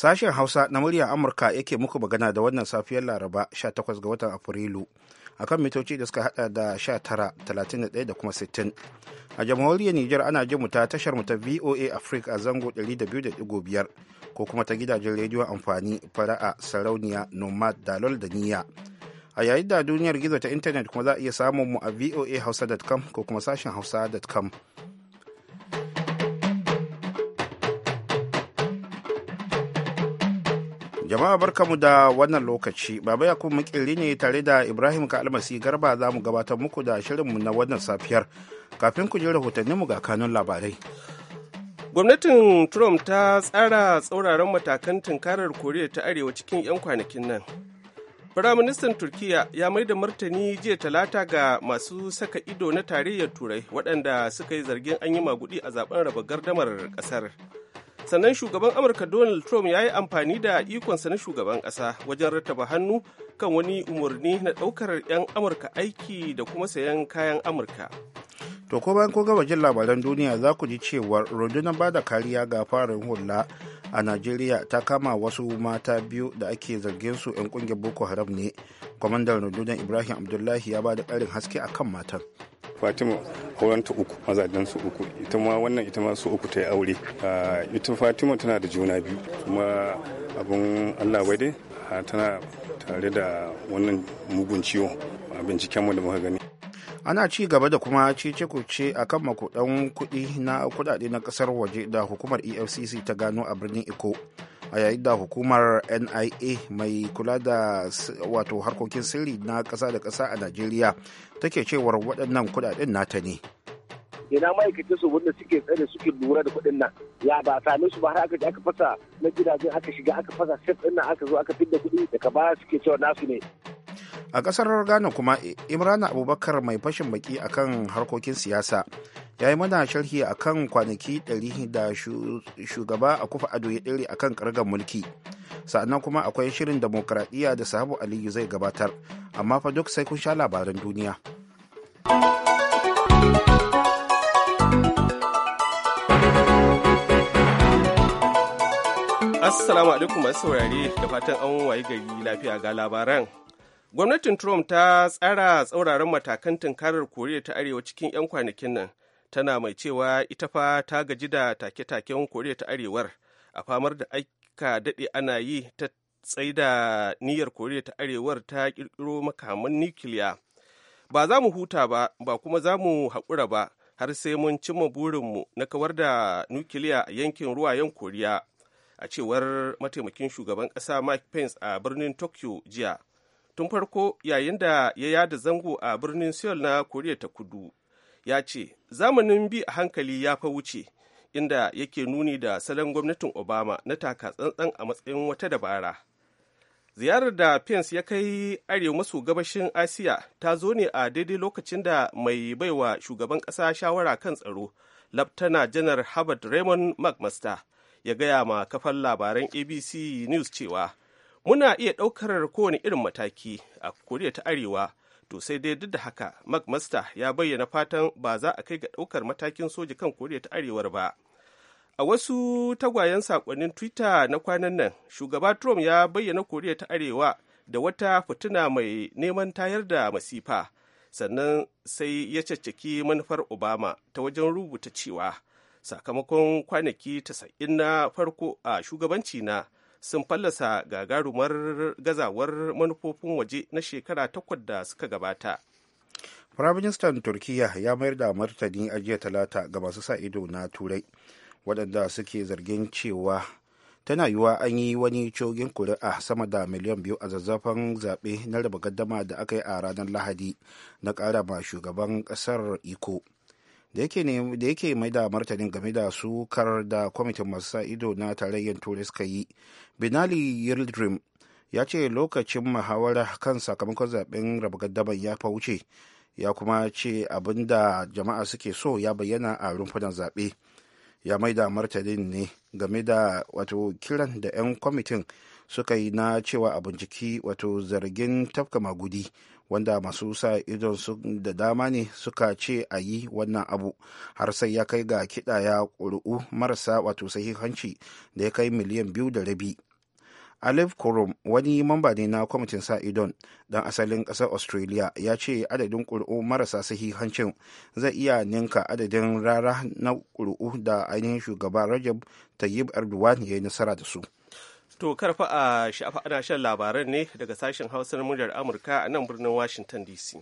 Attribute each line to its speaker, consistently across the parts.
Speaker 1: Sashen Hausa na murya Amurka yake muku magana da wannan safiyar Laraba 18 ga watan Afrilu a kan mitoci da suka hada da 19, 31 da kuma 60. A jamhuriyar Nijar ana jin mu ta tashar mu ta VOA Africa a zango 200.5 ko kuma ta gidajen rediyon amfani fara'a sarauniya nomad dalol da niyya. A yayin da duniyar gizo ta intanet kuma za a iya samun mu a voahausa.com ko kuma sashen hausa.com. jama'a mu da wannan lokaci baba ya kuma makirri ne tare da ibrahim ka almasi garba za mu gabatar muku da shirin mu na wannan safiyar kafin ku ji rahotanninmu ga kanun labarai
Speaker 2: gwamnatin trump ta tsara tsauraran matakan tunkarar koriya ta arewa cikin 'yan kwanakin nan firaministan turkiya ya mai da martani jiya talata ga masu saka ido na tarayyar turai waɗanda suka yi zargin an yi magudi a zaben raba gardamar ƙasar sannan shugaban amurka donald trump ya yi amfani da ikonsa na shugaban ƙasa wajen rattaba hannu kan wani umarni na ɗaukar 'yan amurka aiki da kuma sayan kayan amurka
Speaker 1: to ko bayan ko gaba jin labaran duniya za ku ji cewa rundunar ba da kariya ga farin hula a najeriya ta kama wasu mata biyu da ake zargin su 'yan kungiyar boko haram ne kwamandan rundunar ibrahim abdullahi ya ba da ƙarin haske akan
Speaker 3: matan fatima aurenta uku mazajen su uku ita ma wannan ita ma su uku ta yi aure ah, ita fatima tana da juna biyu kuma abun allah bai dai ah, tana tare da wannan mugun ciwo a mu da muka gani
Speaker 1: ana ci gaba da kuma cece kuce a kan makudan kudi na kudade na kasar waje da hukumar efcc ta gano a birnin iko a yayin da hukumar nia mai kula da wato harkokin sirri na kasa da kasa a najeriya take cewar waɗannan kuɗaɗen nata ne
Speaker 4: ina ma'aikatan su wanda suke tsare suke lura da kuɗin nan ya ba same su ba har aka je aka fasa na gidajen aka shiga aka fasa sef ɗin nan aka zo aka fidda kuɗi daga baya suke cewa nasu ne
Speaker 1: a kasar ghana kuma imrana abubakar mai fashin baki akan harkokin siyasa ya yi mana sharhi a kan kwanaki ɗari da shugaba a kufa ado ya ɗari a kan ƙargar mulki sa'annan kuma akwai shirin demokuraɗiyya da sahabu aliyu zai gabatar amma fa duk sai kun sha labaran duniya
Speaker 2: assalamu alaikum masu saurare da fatan an wayi gari lafiya ga labaran gwamnatin trump ta tsara tsauraran matakan tunkarar koriya ta arewa cikin 'yan kwanakin nan tana mai cewa ita fa ta gaji da take-taken koriya ta arewar a famar da aika daɗe ana yi ta tsaida niyyar koriya ta arewar ta ƙirƙiro makaman nukiliya ba za mu huta ba ba kuma za mu haƙura ba har sai mun cimma burinmu na kawar da nukiliya a yankin ruwayen koriya a cewar mataimakin shugaban ƙasa mike pence a birnin tokyo jiya tun farko yayin da ya yada zango a birnin seoul na koriya ta kudu ya ce zamanin bi a hankali ya fa wuce inda yake nuni da salon gwamnatin obama na taka tsantsan a matsayin wata dabara ziyarar da pence ya kai arewa maso gabashin asiya ta zo ne a daidai lokacin da mai baiwa shugaban ƙasa shawara kan tsaro laftana janar harvard raymond mcmaster ya gaya ma kafan labaran abc news cewa muna iya ɗaukar kowane irin mataki a koriya ta arewa to sai dai duk da haka mcmaster ya bayyana fatan ba za a kai ga ɗaukar matakin soja kan koriya ta arewar ba a wasu tagwayen sakonnin twitter na kwanan nan shugaba trump ya bayyana koriya ta arewa da wata fituna mai neman tayar da masifa sannan sai ya caccaki manufar obama ta wajen rubuta cewa sakamakon kwanaki 90 na farko a shugabanci na sun fallasa gagarumar gazawar manufofin waje na shekara takwas da suka gabata
Speaker 1: firaministan turkiyya ya mayar da martani a jiya talata ga masu sa ido na turai waɗanda suke zargin cewa tana yiwa an yi wani cogin kuri'a sama da miliyan biyu a zazzafan zaɓe na raba gaddama da aka yi a ranar lahadi na ƙara ma shugaban ƙasar iko da yake mai da martanin game da sukar da kwamitin masu sa ido na tarayyar turai suka yi binali yildrim ya ce lokacin muhawara kan sakamakon zaben raba ya fauce ya kuma ce abin da jama'a suke so ya bayyana a rumfunan zaɓe ya mai da martanin ne game da wato kiran da 'yan kwamitin suka yi na cewa a binciki wato zargin tafka magudi wanda masu sa idon da dama ne suka ce a yi wannan abu har sai ya kai ga kiɗa ya ƙuri'u marasa wato sahihanci da ya kai miliyan biyu da rabi alif kurum wani mamba ne na kwamitin sa idon dan asalin ƙasar australia ya ce adadin ƙuri'u marasa sahihancin zai iya ninka adadin rara na ƙuri'u da ainihin shugaba rajab tayyib erdogan ya yi nasara da su
Speaker 2: To karfa a shafa shan labaran ne daga sashen Hausa na muryar Amurka a nan birnin Washington DC.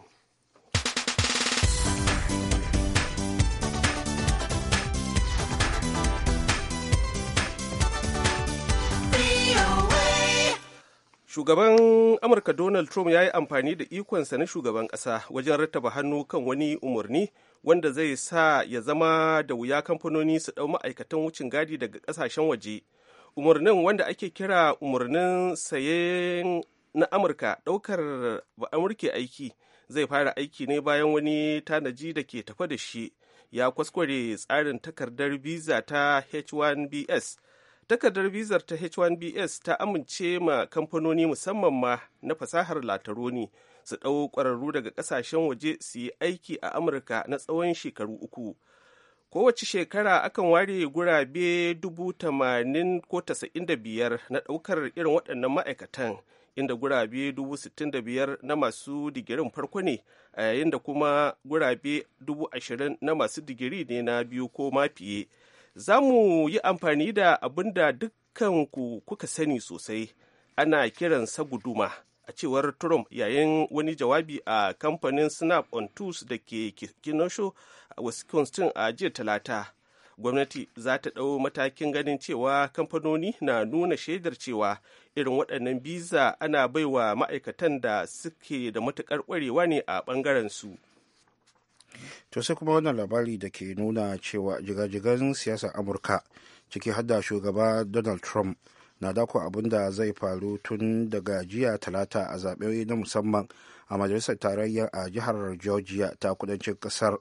Speaker 2: Shugaban Amurka Donald Trump ya yi amfani da ikonsa na shugaban ƙasa wajen rattaba hannu kan wani umarni wanda zai sa ya zama da wuya kamfanoni su ɗau ma'aikatan wucin gadi daga ƙasashen waje. umarnin wanda ake kira umarnin sayen na amurka daukar ba amurke aiki zai fara aiki ne bayan wani tanaji da ke tafa da shi ya kwaskware tsarin takardar visa ta h1bs takardar bizar ta h1bs ta amince ma kamfanoni musamman ma na fasahar lataroni su ɗau ƙwararru daga ƙasashen waje su yi aiki a amurka na tsawon shekaru uku kowace shekara akan ware gurabe dubu tamanin ko tasa'in da biyar na ɗaukar irin waɗannan ma'aikatan inda gurabe dubu sittin da biyar na masu digirin farko ne a yayin da kuma gurabe dubu ashirin na masu digiri ne na biyu ko ma fiye za mu yi amfani da abin da dukkan ku kuka sani sosai ana kiransa guduma a cewar trump yayin wani jawabi a kamfanin snap on tools da ke kinosho a wisconsin a jiya talata gwamnati za ta ɗau matakin ganin cewa kamfanoni na nuna shaidar cewa irin waɗannan biza ana baiwa ma'aikatan da suke da matuƙar ƙwarewa ne a ɓangaren su
Speaker 1: to sai kuma wannan labari da ke nuna cewa jigajigan siyasar amurka ciki hadda shugaba donald trump na dako abin da zai faru tun daga jiya talata a zaɓe na musamman a majalisar tarayya a jihar georgia ta kudancin ƙasar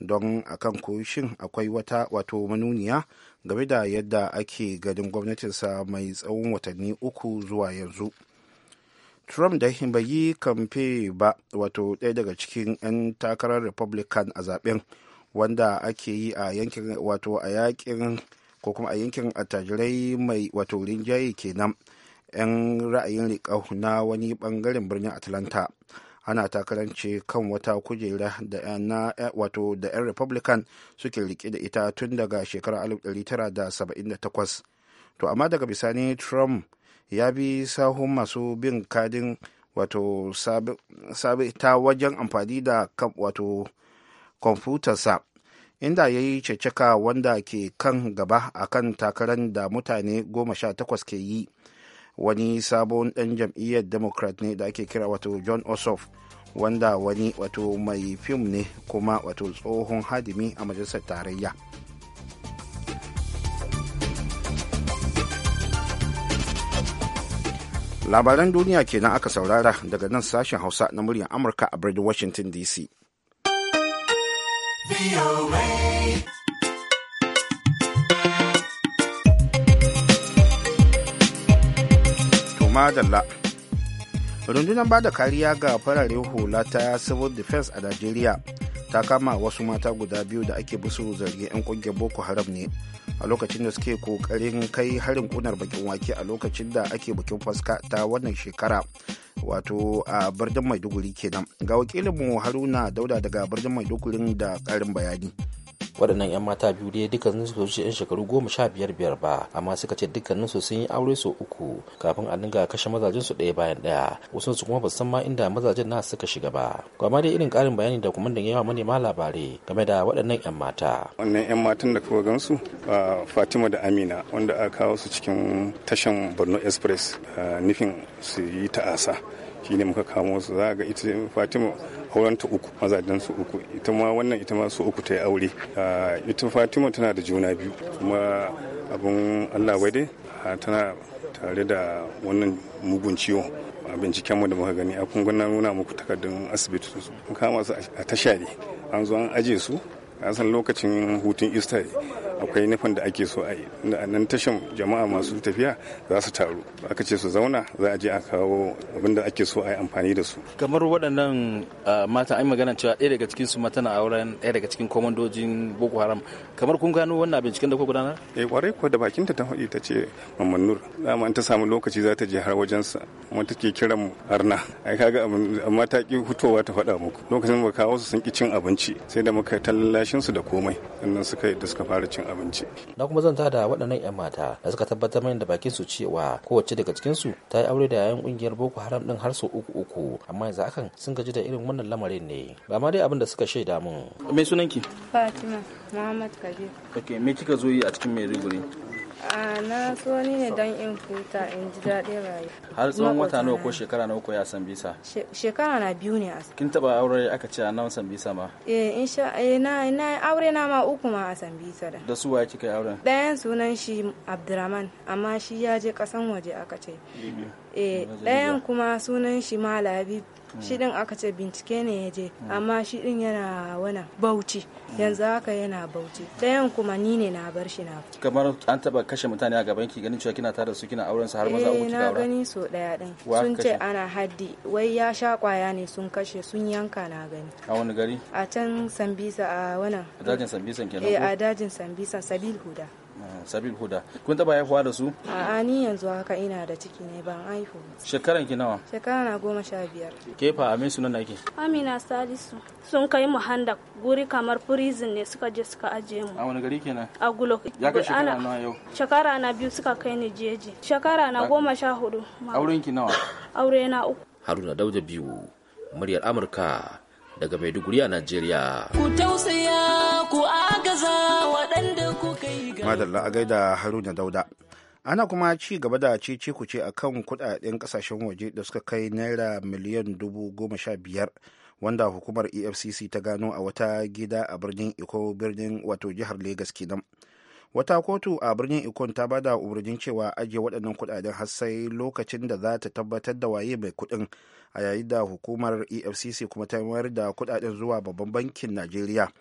Speaker 1: don a kan kushin akwai wata wato manuniya game da yadda ake ganin gwamnatinsa mai tsawon watanni uku zuwa yanzu trump da bai yi kamfe ba wato ɗaya daga cikin 'yan takarar republican a zaɓen wanda ake yi a yankin wato a yakin ko kuma a yankin attajirai mai wato rinjaye kenan 'yan ra'ayin rikau na wani bangaren birnin atlanta ana takarance kan wata kujera da na wato da 'yan republican suke rike da ita tun daga shekarar 1978 to amma daga bisani trump ya bi sahun masu bin kadin wato sabi ta wajen amfani da wato kwamfutarsa inda ya yi ceceka wanda ke kan gaba a kan takarar da mutane goma sha takwas ke yi wani sabon ɗan jam'iyyar democrat ne da ake kira wato john ossoff wanda wani wato mai fim ne kuma wato tsohon hadimi a majalisar tarayya labaran duniya kenan aka saurara daga nan sashen hausa na muryar amurka a birnin washington dc rundunar ba da kariya ga farare hula ta civil defense a najeriya ta kama wasu mata guda biyu da ake busu zargin 'yan kungiyar boko haram ne a lokacin da suke kokarin kai harin kunar bakin wake a lokacin da ake bikin faska ta wannan shekara wato a birnin maiduguri kenan ga wakilinmu haruna dauda daga birnin maiduguri da karin bayani waɗannan 'yan mata biyu dai dukkanin su yan shekaru goma sha biyar
Speaker 5: biyar ba amma suka ce dukkanin su sun yi aure sau uku kafin a dinga kashe mazajen su ɗaya bayan ɗaya wasu su kuma ba san ma inda mazajen na suka shiga ba kuma dai irin ƙarin bayani da kuma yawa manema labarai game da waɗannan 'yan mata
Speaker 3: wannan 'yan matan da kuka gansu Fatima da Amina wanda aka kawo su cikin tashan Borno Express nufin su yi ta'asa shine muka kamo su za ga ita fatima aurenta uku mazajen su uku ita ma wannan ita ma su uku ta yi aure ah, ita fatima tana da juna biyu kuma abin allah wade ah, tana tare da wannan mugun ciwo a bincikenmu da muka gani a kungunan nuna muku takardun asibiti su kama su a tasha ne an zo an aje su a san lokacin hutun easter akwai nufin da ake so a yi a nan tashin jama'a masu tafiya za su taru aka ce su zauna za a je a kawo abin da ake so a yi amfani da su
Speaker 5: kamar waɗannan mata an magana cewa ɗaya daga cikin su mata na auren ɗaya daga cikin komandojin boko haram kamar kun gano wannan binciken da kuka gudanar eh kwarai ko
Speaker 3: da bakinta ta faɗi ta ce mamman nur dama ta samu lokaci za ta je har sa kuma take kiran mu harna ai kaga amma ta ki hutowa ta faɗa muku lokacin ba kawo su sun ki cin abinci sai da muka tallashin su da komai sannan suka da suka fara cin abinci.
Speaker 5: Na kuma zan tada waɗannan 'yan mata da suka tabbatar mai da bakin su cewa kowace daga cikin su ta yi aure da yayan ƙungiyar Boko Haram ɗin har sau uku uku amma yanzu akan sun gaji da irin wannan lamarin ne. Ba ma dai abin da suka shaida mun. Me sunanki? Fatima Muhammad Kabir. Okay, me kika zo yi a cikin Maiduguri? a na so ni ne don in huta in ji daɗin rayu har tsawon wata nawa ko shekara nawa ko ya san bisa shekara na biyu ne a kin taba aure aka ce a nawa san bisa ma eh insha eh, na na aure na ma uku ma a san bisa da da su waye kika yi auren ɗayan sunan shi Abdurrahman amma shi ya je kasan waje aka ce eh ɗayan kuma sunan shi malabi shi din hmm. aka ce bincike ne ya je hmm. amma shi din yana wana bauchi hmm. yanzu haka yana bauchi ɗayan kuma ni ne na bar shi na kamar an taba kashe mutane a gaban ki ganin cewa kina tare su kina auren su har maza uku eh, na gani so daya din sun ce ana haddi wai ya sha kwaya ne sun kashe sun yanka na gani a wani gari a can sambisa a wannan a dajin sambisan kenan eh a dajin sambisan sabil huda sabil huda kun taba haihuwa da su a'a ni yanzu haka ina da ciki ne ban haihu shekaran ki nawa shekara na goma sha biyar ke fa amin sunan nake amina salisu sun kai mu handa guri kamar prison ne suka je suka aje mu a wani gari kenan a gulo ya ka shekara nawa yau shekara na biyu suka kai ni jeje shekara na goma sha hudu auren ki nawa aure na uku haruna dauda biyu muryar amurka daga maiduguri a najeriya ku tausaya ku agaza waɗanda ku
Speaker 1: madalla a gaida haruna dauda ana kuma ci gaba da cece kuce a kan kudaden kasashen waje da suka kai naira miliyan dubu goma sha biyar wanda hukumar efcc ta gano a wata gida a birnin iko birnin wato jihar legas kenan wata kotu a birnin ikon ta bada umarnin cewa ajiye waɗannan kudaden har sai lokacin da za ta tabbatar da waye mai kuɗin a yayin da hukumar efcc kuma ta mayar da kudaden zuwa babban bankin najeriya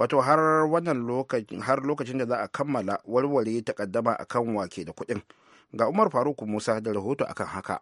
Speaker 1: wato har wannan lokacin har lokacin da za a kammala warware takaddama akan wake da kuɗin ga umar faruk musa da rahoto akan haka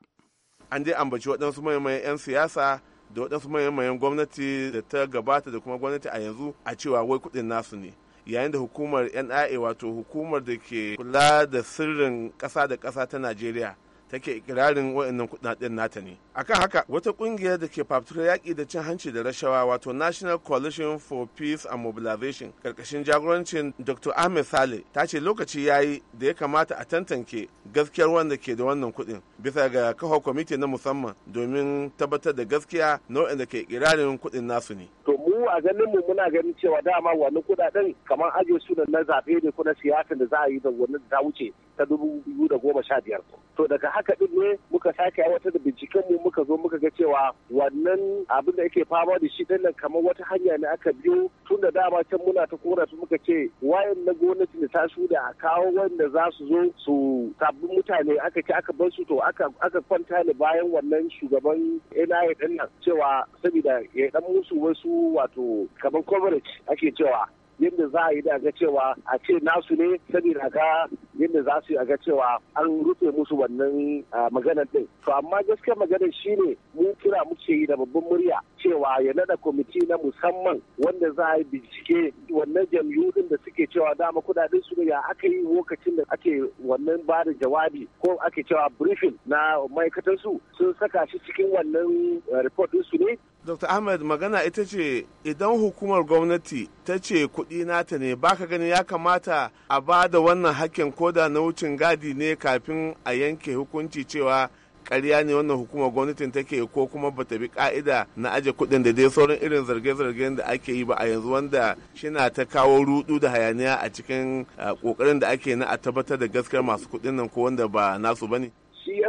Speaker 6: an je ambaci waɗansu mayan 'yan siyasa da waɗansu mayan gwamnati da ta gabata da kuma gwamnati a yanzu a cewa wai kuɗin nasu ne yayin da hukumar nia wato hukumar da ke kula da sirrin ƙasa da ƙasa ta najeriya take ikirarin waɗannan kudaden nata ne a kan haka wata kungiyar da ke fafutukar yaƙi da cin hanci da rashawa wato national coalition for peace and mobilization karkashin jagorancin dr ahmed saleh ta ce lokaci ya yi da ya kamata a tantance gaskiyar wanda ke da wannan kuɗin bisa ga kafa kwamiti na musamman domin tabbatar da gaskiya na waɗanda ke ikirarin kuɗin nasu ne
Speaker 4: to mu a ganin muna ganin cewa dama wannan kudaden kamar ajiye su na zaɓe ne ko siyasa da za a yi da wannan ta wuce ta dubu biyu da goma sha biyar. To daga haka ɗin ne muka sake wata da binciken mu muka zo muka ga cewa wannan abin da yake fama da shi dinnan kamar wata hanya ne aka biyo tun da dama can muna ta kora su muka ce wayan na gwamnati ne ta su a kawo wanda za su zo su sabbin mutane aka ci aka bar su to aka aka kwanta ni bayan wannan shugaban NIA din nan cewa saboda ya dan musu wasu wato kamar coverage ake cewa yadda za a yi da ga cewa a ce nasu ne saboda ga yadda za su yi a ga cewa an rufe musu wannan ah, maganar din to amma gaskiya maganar ne mu kira muke yi da babban murya cewa ya nada kwamiti na musamman wanda za a yi bincike wannan jam'iyyu din da suke cewa dama kudaden su ne ya aka yi lokacin da ake wannan ba da jawabi ko ake cewa briefing na ma'aikatar su sun saka shi cikin wannan ah, report din su ne
Speaker 6: Dr. Ahmed magana ita ce idan hukumar gwamnati ta ce kuɗi nata ne baka gani ya kamata a ba da wannan hakkin koda na wucin gadi ne kafin a yanke hukunci cewa karya ne wannan hukumar gwamnatin take ko kuma bata bi ka'ida na aje kuɗin da dai sauran irin zarge-zargen da ake yi ba a yanzu wanda shina ta kawo rudu da hayaniya a cikin kokarin da ake na a tabbatar da gaskiyar masu kuɗin nan ko wanda ba nasu bane
Speaker 4: shi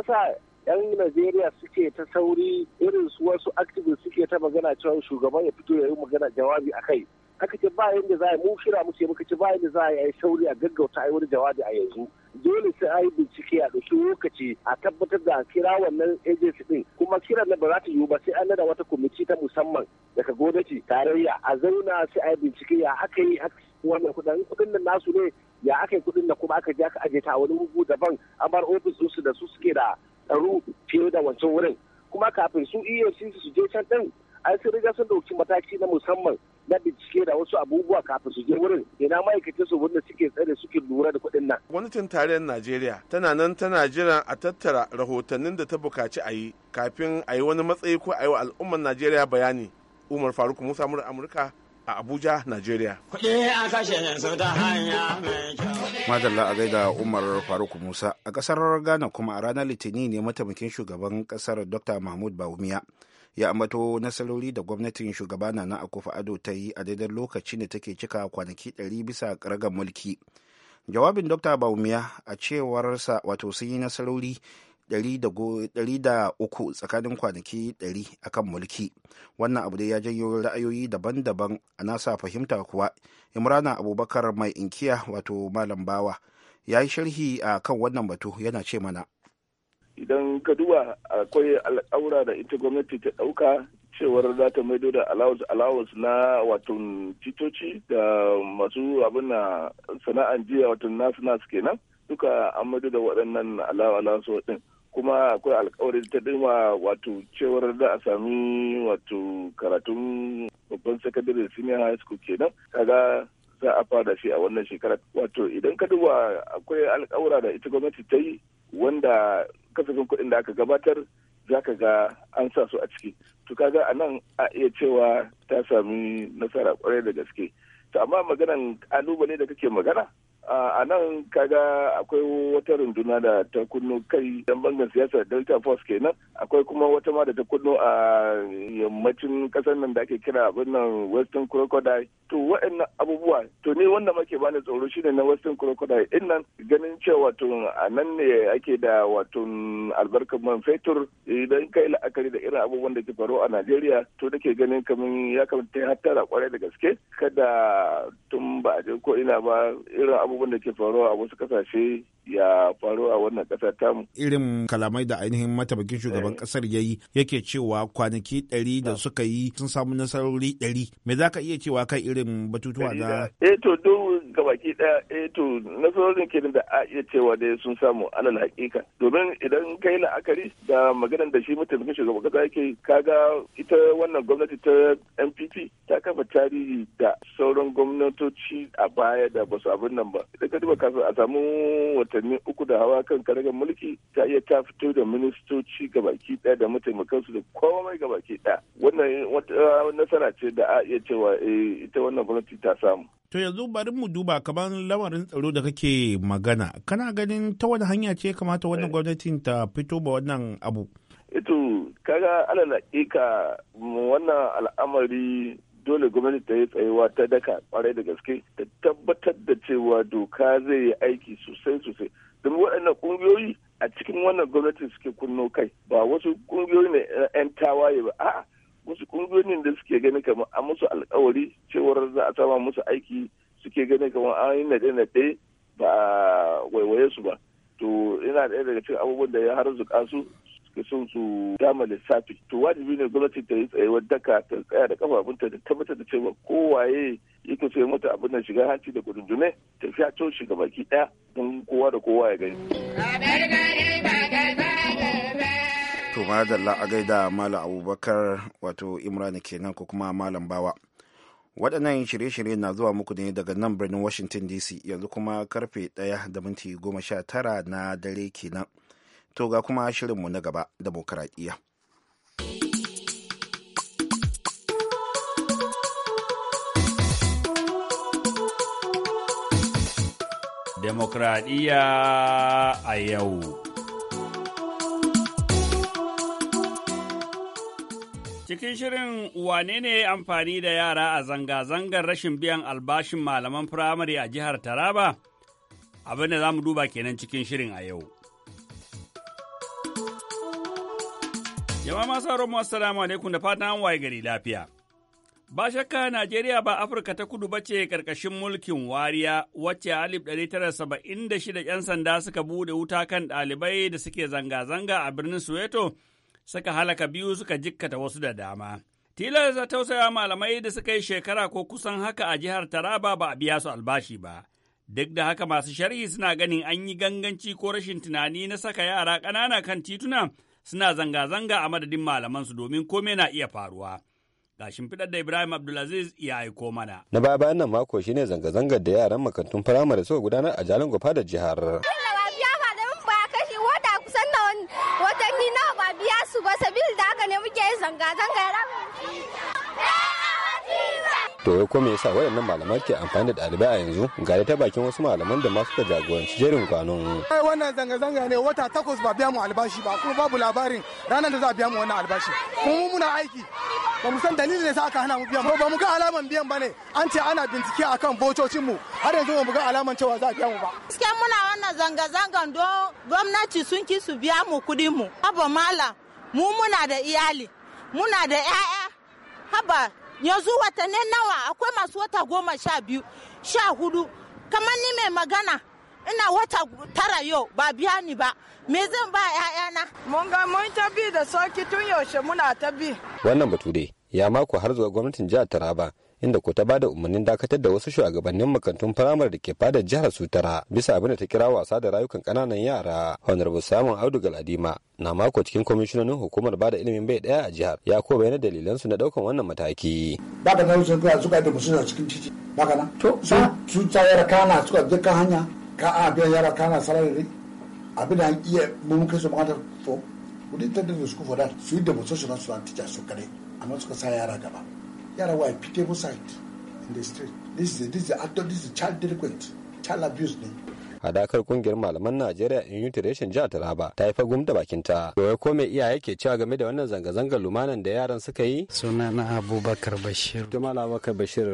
Speaker 4: 'yan Najeriya suke ta sauri irin su wasu activists suke ta magana cewa shugaban ya fito ya yi magana jawabi a kai. Aka ce ba yadda za a yi mu shira muke muka ce ba yadda za a yi sauri a gaggauta a wani jawabi a yanzu. Dole sai a bincike a ɗauki lokaci a tabbatar da kira wannan agency ɗin kuma kiran na ba za ta yiwu ba sai an nada wata kwamiti ta musamman daga gwamnati tarayya a zauna sai a bincike ya aka yi wannan kuɗin kuɗin nan nasu ne ya aka yi kuɗin da kuma aka je aka ajiye ta wani hugu daban an bar ofis su da su suke da tsaro fiye da wancan wurin kuma kafin su iya e su je can ɗin an sun riga sun dauki mataki na musamman na bincike da wasu abubuwa kafin su je wurin ina ma'aikacin su wanda suke tsare suke lura da kuɗin nan. gwamnatin
Speaker 6: tarayyar najeriya tana nan tana jiran a tattara rahotannin da ta bukaci a yi kafin a yi wani matsayi ko a yi wa al'ummar najeriya bayani umar faruk musa mura amurka
Speaker 1: a Abuja, Najeriya. Kuɗi a a gaida Umar Faruk Musa a ƙasar Ghana kuma a ranar Litinin ne mataimakin shugaban ƙasar Dr. Mahmud Bawumia. ya ambato nasarori da gwamnatin shugaba na akufa ado ta yi a daidai lokacin da take cika kwanaki ɗari bisa ragar mulki jawabin dr baumiya a cewarsa wato sun yi nasarori 300 tsakanin kwanaki 100 akan mulki wannan abu dai ya janyo ra'ayoyi daban-daban a nasa fahimta kuwa imrana abubakar mai inkiya wato malam bawa ya yi sharhi a kan wannan batu yana ce mana
Speaker 7: idan ka duba akwai al'aura da ita gwamnati ta ɗauka cewar za ta maido da allowance na wato titoci da masu abin sana'an jiya wato nasu nasu kenan duka an maido da waɗannan allowance ɗin kuma akwai alkawarin ta dima wato cewar za a sami wato karatun babban sakandare senior high school kenan kaga za a fara shi a wannan shekara wato idan ka duba akwai alkawura da ita gwamnati ta yi wanda kasafin kuɗin da aka gabatar za ka ga an sa su a ciki to kaga a nan a iya cewa ta sami nasara kwarai da gaske to amma maganan kalubale da kake magana a nan kaga akwai wata runduna da ta kunno kai dan bangar siyasa delta force kenan akwai kuma wata ma da ta kunno a yammacin kasar nan da ake kira abin nan western crocodile to waɗannan abubuwa to ni wanda make bani tsoro shine na western crocodile din nan ganin cewa to a nan ne ake da wato albarkar man fetur idan kai la'akari da irin abubuwan da ke faru a najeriya to nake ganin kamin ya kamata ta hattara kwarai da gaske kada tun ba a je ko ina ba irin abubuwan da ke faruwa a wasu kasashe
Speaker 1: ya faru a wannan ƙasar tamu. Irin kalamai da ainihin mataimakin shugaban kasar eh. ya yi yake cewa kwanaki ɗari da suka yi sun samu nasarori ɗari. Me za ka iya cewa kan irin batutuwa na?
Speaker 7: Eh to duk baki daya eh to nasarorin kenan da a iya cewa dai sun samu alal hakika domin idan kai la'akari da maganar da shi mataimakin shugaban kasa yake kaga ita wannan gwamnati ta NPP ta kafa tarihi da sauran gwamnatoci a baya da basu abin nan ba idan ka duba kafin a samu watanni uku da hawa kan karagar mulki ta iya ta fito da ministoci gabaki daya da su da komai gabaki daya wannan wata nasara ce da a iya cewa eh, ita wannan gwamnati ta samu
Speaker 1: to yanzu bari mu duba kamar lamarin tsaro da kake magana kana ganin ta wani hanya ce kamata wannan eh. gwamnatin ta fito ba wannan abu ito eh
Speaker 7: kaga alala ika wannan al'amari dole gwamnati ta yi tsayuwa ta daka kwarai da gaske ta tabbatar da cewa doka zai yi aiki sosai sosai domin waɗannan ƙungiyoyi a cikin wannan gwamnati suke kunno kai ba wasu ƙungiyoyi ne 'yan tawaye ba a'a wasu ƙungiyoyin da suke gani kamar a musu alkawari cewar za a sama musu aiki suke ganin kamar an yi naɗe-naɗe ba a waiwaye su ba to ina ɗaya daga cikin abubuwan da ya harzuka su suke son su dama lissafi to wajibi ne gwamnati ta yi tsayuwar daka ta tsaya da kafafunta da tabbatar da cewa kowaye yake so mata abin da shiga hanci da gudunjume ta fiyato shi ga baki ɗaya don kowa
Speaker 1: da kowa ya gani. To da a da Malam Abubakar wato imrani kenan ko kuma Malam Bawa. waɗannan shirye-shirye na zuwa muku ne daga nan birnin washington dc yanzu kuma karfe ɗaya da minti goma sha tara na dare kenan to ga kuma shirinmu na gaba demokaradiyya
Speaker 8: demokradiyya a yau Cikin shirin wane ne amfani da yara a zanga-zangar rashin biyan albashin malaman firamare a jihar Taraba? Abin da za mu duba kenan cikin shirin a yau. Jama'a masu haramu assalamu alaikum da fatan an waye gari lafiya. Ba shakka Najeriya ba Afirka ta kudu bace ƙarƙashin mulkin wariya wacce a 1976 'yan sanda suka buɗe wuta kan ɗalibai da suke zanga-zanga a birnin Soweto suka halaka biyu suka jikkata wasu da dama. tilasta da tausaya malamai da suka yi shekara ko kusan haka a jihar Taraba ba a biya su albashi ba. Duk da haka masu sharhi suna ganin an yi ganganci ko rashin tunani na saka yara ƙanana kan tituna suna zanga-zanga a madadin malamansu domin kome na iya faruwa. ga shimfiɗar da Ibrahim Abdulaziz ya aiko mana.
Speaker 9: Na baya bayan nan mako shine zanga-zangar da yaran makarantun firamare suka gudanar a Jalingo fadar jihar.
Speaker 3: muke zanga-zanga ya
Speaker 9: to wai ko yasa waɗannan malaman ke amfani da ɗalibai a yanzu ga ta bakin wasu malaman da ma suka jagoranci jerin kwanon
Speaker 10: ai wannan zanga-zanga ne wata takwas ba biya mu albashi ba kuma babu labarin ranar da za a biya mu wannan
Speaker 5: albashi kuma muna aiki ba mu san dalilin ne sa aka hana mu biyan ba mu ga alaman biyan ba ne an ce ana bincike akan bococin mu har yanzu ba mu ga alaman cewa za a biya mu ba gaskiya muna wannan zanga-zangan don gwamnati sun ki su biya mu kuɗin mu abu malam mu muna da iyali muna da 'ya'ya haba yanzu watanni nawa akwai masu wata goma sha biyu sha hudu kamar ni mai magana ina wata tara yau ba biya ni ba me zan ba 'ya'yana mun ga mun ta bi da soki tun yaushe muna ta bi
Speaker 9: wannan batu dai ya mako har zuwa gwamnatin jihar taraba inda ko ta bada umarnin dakatar da wasu shugabannin makarantun firamare da ke fadar jihar su tara bisa abin da ta kira wasa da rayukan kananan yara honorable samun audu galadima na mako cikin kwamishinanin hukumar bada ilimin bai daya a jihar ya ko bayyana dalilan su na daukan wannan mataki
Speaker 4: ba ka nan su suka da musu a cikin titi ba ka nan to su tsayar kana suka je kan hanya ka a biya yara kana salari abin da iya mun kai su mata to kudi ta da su ku da su yi demonstration su an tija su kare amma suka sa yara gaba yara wa pitiable site
Speaker 9: in the street this is this is a this is a child delinquent child abuse ne hadakar kungiyar malaman najeriya in unity jihar taraba ta yi fagum da bakinta yau ko mai iyaye ke cewa game da wannan zanga-zangar lumanan da yaran suka yi suna na abubakar bashir to malam abubakar bashir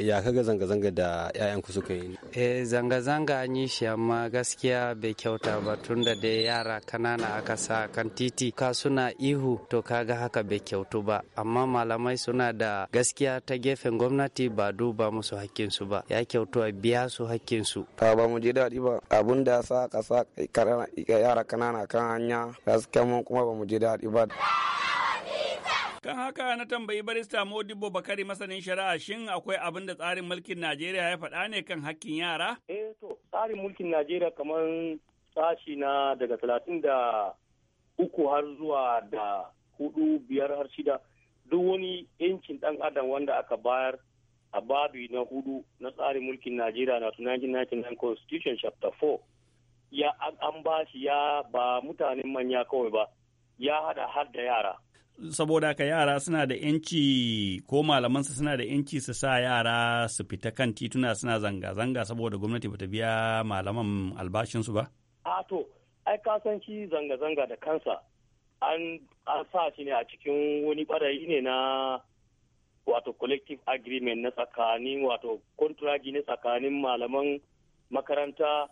Speaker 9: ya kaga zanga-zanga da yayan ku suka yi eh zanga-zanga an yi shi amma gaskiya bai kyauta ba tun da yara kanana aka sa kan titi ka suna ihu to kaga haka bai kyautu ba amma malamai suna da gaskiya ta gefen gwamnati ba duba musu hakkinsu ba ya kyautu a biya su hakkinsu ba mu je daɗi ba abun da sa
Speaker 1: ka sa yara kanana kan hanya gaskiya mun kuma ba mu ji daɗi ba
Speaker 8: kan haka na tambayi barista modibo bakari masanin shari'a shin akwai abin da tsarin mulkin najeriya ya faɗa ne kan hakkin yara
Speaker 10: eh tsarin mulkin najeriya kamar sashi na daga talatin da uku har zuwa da hudu biyar har shida duk wani yancin dan adam wanda aka bayar a babi na hudu na tsarin mulkin najeriya na 1999 constitution chapter 4 ya an ba shi ya ba mutanen manya kawai ba ya hada har da yara
Speaker 8: saboda haka yara suna da yanci ko malamansa suna da yanci su sa yara su fita kan tituna suna zanga-zanga saboda gwamnati bata biya malaman albashinsu ba?
Speaker 10: a to ai kasan shi zanga-zanga da kansa an sa shi ne a cikin wani barayi ne na wato collective agreement na tsakanin wato kontragi na tsakanin malaman makaranta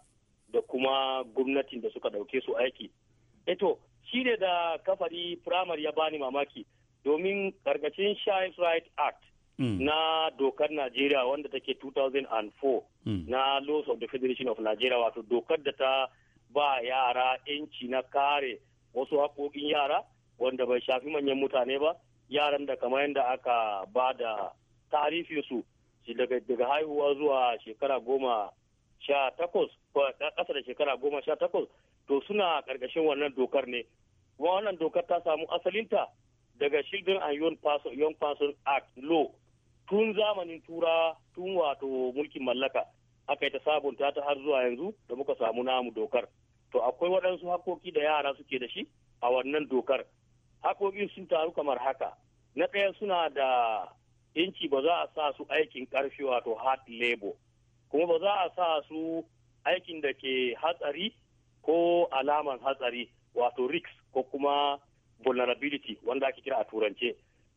Speaker 10: da kuma gwamnatin da suka ɗauke su aiki. Eto, shi ne da kafari primary ya bani mamaki domin karkashin Child Right Act hmm. na dokar Najeriya wanda take 2004 hmm. na Laws of the Federation of Nigeria wato dokar da ta ba yara 'yanci na kare wasu haƙoƙin yara wanda bai shafi manyan mutane ba yaran da kamar yadda aka ba da tarifi su daga haihuwa zuwa shekara goma sha takwas ƙasa da shekara goma sha takwas to suna ƙarƙashin wannan dokar ne wannan dokar ta samu asalinta daga children and young person, act law tun zamanin tura tun wato mulkin mallaka aka yi ta sabunta ta har zuwa yanzu da muka samu namu dokar to akwai waɗansu hakoki da yara suke da shi a wannan dokar hakokin sun taru kamar haka na ɗaya suna da inci ba za a sa su aikin ƙarfi wato hard labor kuma ba za a sa su aikin da ke hatsari ko alaman hatsari wato risk ko kuma vulnerability wanda ake kira a turance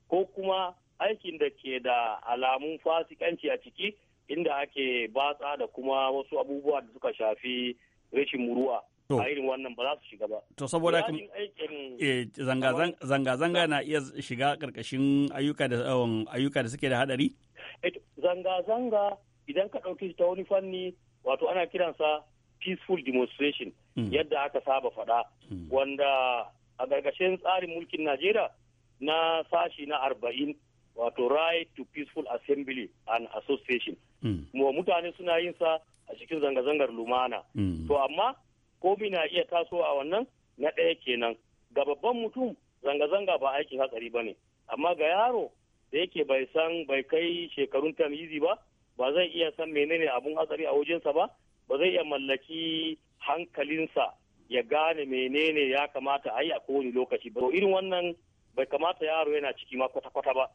Speaker 10: ko kuma aikin da ke da alamun fasikanci a ciki inda ake batsa da kuma wasu abubuwa da suka shafi rashin muruwa a irin wannan ba za su shiga ba. To saboda Eh,
Speaker 8: zanga-zanga na iya shiga ƙarƙashin ayyuka da um, suke da haɗari?
Speaker 10: Eh, zanga-zanga idan ka ɗauki ta wani fanni wato ana kiransa peaceful demonstration hmm. yadda aka saba faɗa hmm. wanda a gargashin tsarin mulkin Najeriya na sashi na arba'in wato right to peaceful assembly and association. Hmm. mutane suna yin sa a cikin zanga-zangar lumana. To amma komi na iya tasowa a wannan na ɗaya kenan. ga babban mutum zanga-zanga ba aikin hatsari ba ne amma ga yaro da yake bai san bai kai shekarun tamizi ba ba zai iya san menene abun hatsari a wajensa ba ba zai iya mallaki hankalinsa ya gane menene ya kamata a yi a kowane lokaci ba irin wannan bai kamata yaro yana ciki ma kwata-kwata ba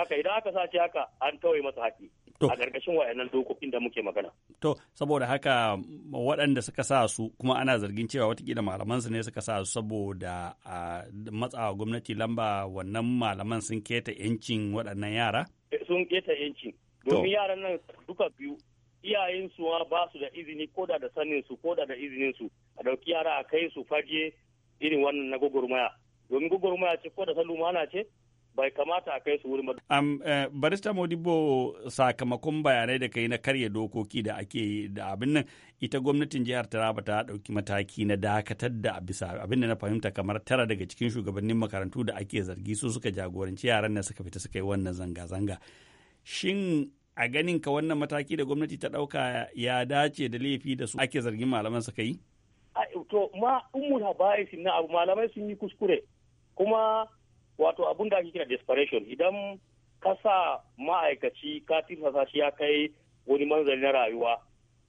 Speaker 10: haka idan aka sace haka an tawaye masa haƙi a ƙarƙashin wayannan dokokin da muke magana
Speaker 8: to saboda haka waɗanda suka sa su kuma ana zargin cewa watakila malamansu ne suka sa su saboda a matsawa gwamnati lamba wannan malaman sun keta yancin waɗannan yara
Speaker 10: eh, sun keta yancin. domin yaran nan duka biyu iyayensu ma ba su da izini ko da da sanin su ko da da izinin a ɗauki yara a kai su fage irin wannan na gwagwarmaya domin gwagwarmaya ce ko da ta lumana ce bai kamata a kai su wurin ba.
Speaker 8: Um, barista Modibo sakamakon bayanai da kai na karya dokoki da ake da abin nan ita gwamnatin jihar Taraba ta ɗauki mataki na dakatar da bisa abin da na fahimta kamar tara daga cikin shugabannin makarantu da ake zargi su suka jagoranci yaran nan suka fita suka yi wannan zanga-zanga. Shin a ganin ka wannan mataki da gwamnati ta ɗauka ya dace da laifi da su ake zargin malaman suka yi?
Speaker 10: To ma umul na abu malamai sun yi kuskure. kuma wato abun da ake kira desperation idan ka sa ma'aikaci ka tirsasa ya kai wani manzari na rayuwa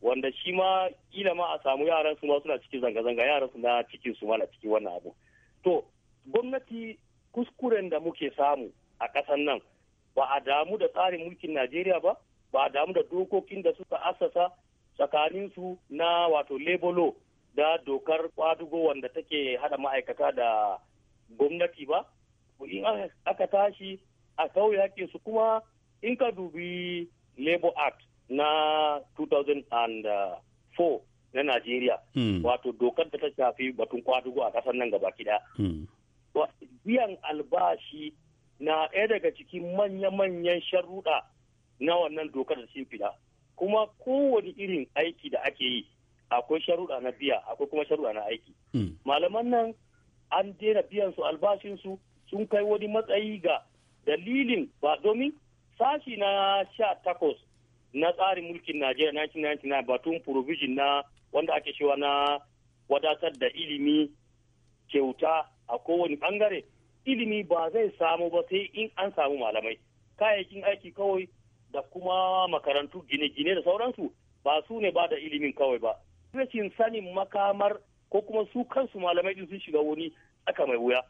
Speaker 10: wanda shi ma kila ma a samu yaran su ma suna cikin zanga-zanga yaran su na cikin su mana cikin wannan abu to gwamnati kuskuren da muke samu a ƙasan nan ba a damu da tsarin mulkin najeriya ba ba a damu da dokokin da suka assasa tsakanin su na wato labor law da dokar kwadugo wanda take hada ma'aikata da gwamnati ba in aka tashi a sauya yake su kuma in ka dubi labor act na 2004 na Najeriya hmm. wato dokar da ta shafi batun kwadugo a kasar nan gaba kida hmm. biyan albashi na ɗaya daga cikin manya-manyan sharuɗa na wannan dokar da fida kuma kowane irin aiki da ake yi akwai sharuɗa na biya akwai kuma sharuɗa na aiki hmm. malaman nan an daina biyan su albashinsu sun kai wani matsayi ga dalilin ba domin sashi na sha takwas na tsarin mulkin najeriya 1999 batun provision na wanda ake cewa na wadatar da ilimi kyauta a kowane bangare ilimi ba zai samu ba sai in an samu malamai kayayyakin aiki kawai da kuma makarantu gine-gine da sauransu ba su ne ba da ilimin kawai ba rashin sanin makamar ko kuma su kansu malamai din sun shiga wani aka mai wuya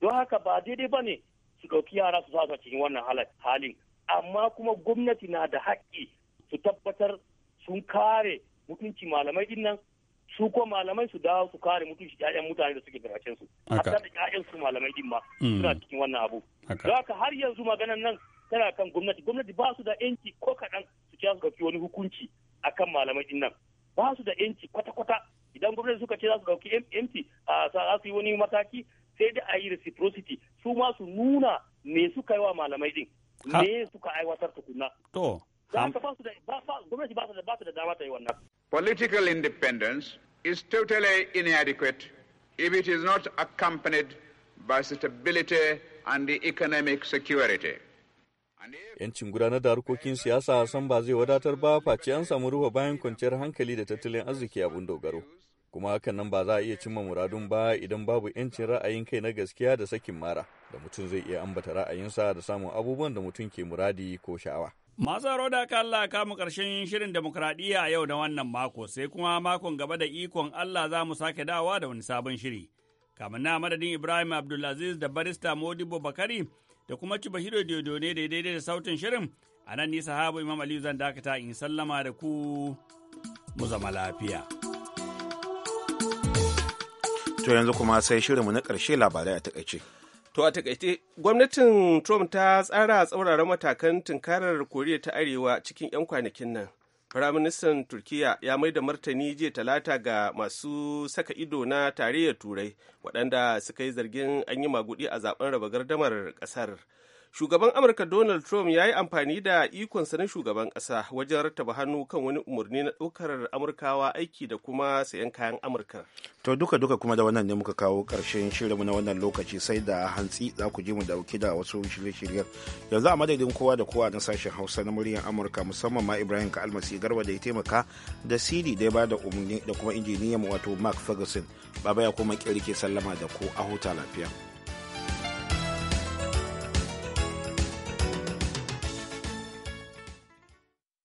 Speaker 10: don haka ba daidai ba ne su ɗauki yara su sa cikin wannan halin amma kuma gwamnati na da haƙƙi su tabbatar sun kare mutunci malamai din nan su ko malamai su dawo su kare mutunci ƴaƴan mutane da suke garacen su hatta da ƴaƴan su malamai din ma mm. suna cikin wannan abu don haka har yanzu maganan nan tana kan gwamnati gwamnati ba su da yanci ko kaɗan su ci wani hukunci akan malamai din nan ba su da yanci kwata-kwata idan gwamnati suka ce za su dauki mt a za su yi wani mataki sai dai a yi reciprocity su ma su nuna me suka yi wa malamai din me suka aiwatar tukunna to gwamnati ba su da dama ta yi wannan
Speaker 1: political independence is totally inadequate if it is not accompanied by stability and economic security.
Speaker 8: Yancin gudanar da harkokin siyasa san ba zai wadatar ba face an samu ruwa bayan kwanciyar hankali da tattalin arziki abun dogaro. kuma hakan nan ba za a iya cimma muradun ba idan babu yancin ra'ayin kai na gaskiya da sakin mara da mutum zai iya ambata ra'ayinsa da samun abubuwan da mutum ke muradi ko sha'awa. Masu haro da aka Allah kamu karshen shirin demokradiyya a yau da wannan mako sai kuma makon gaba da ikon Allah za mu sake dawa da wani sabon shiri. Kamar na madadin Ibrahim Abdulaziz da barista Modibo Bakari da kuma Cibahiro Dodo ne da daidai da sautin shirin a nan nisa habu Imam Aliyu zan dakata in sallama da ku mu zama lafiya.
Speaker 1: To yanzu kuma sai shirinmu na ƙarshe labarai a takaice.
Speaker 2: To a takaice, gwamnatin Trump ta tsara tsauraran matakan tunkarar Koriya ta Arewa cikin 'yan kwanakin nan. Firaministan Turkiyya ya mai da martani jiya talata ga masu saka ido na tarayyar Turai waɗanda suka yi zargin an yi magudi a zaben raba gardamar ƙasar. shugaban amurka donald trump ya yi amfani da ikonsa na shugaban ƙasa wajen rattaba hannu kan wani umarni na ɗaukar amurkawa aiki da kuma sayan kayan amurka
Speaker 1: to duka duka kuma da wannan ne muka kawo ƙarshen shirinmu na wannan lokaci sai da hantsi za ku je mu dauki da wasu shirye-shiryen yanzu a madadin kowa da kowa na sashen hausa na muryar amurka musamman ma ibrahim ka almasi garba da ya taimaka da sidi da ya bada umarni da kuma injiniyan wato mark ferguson baba ya kuma ƙirƙe sallama da ku a huta lafiya.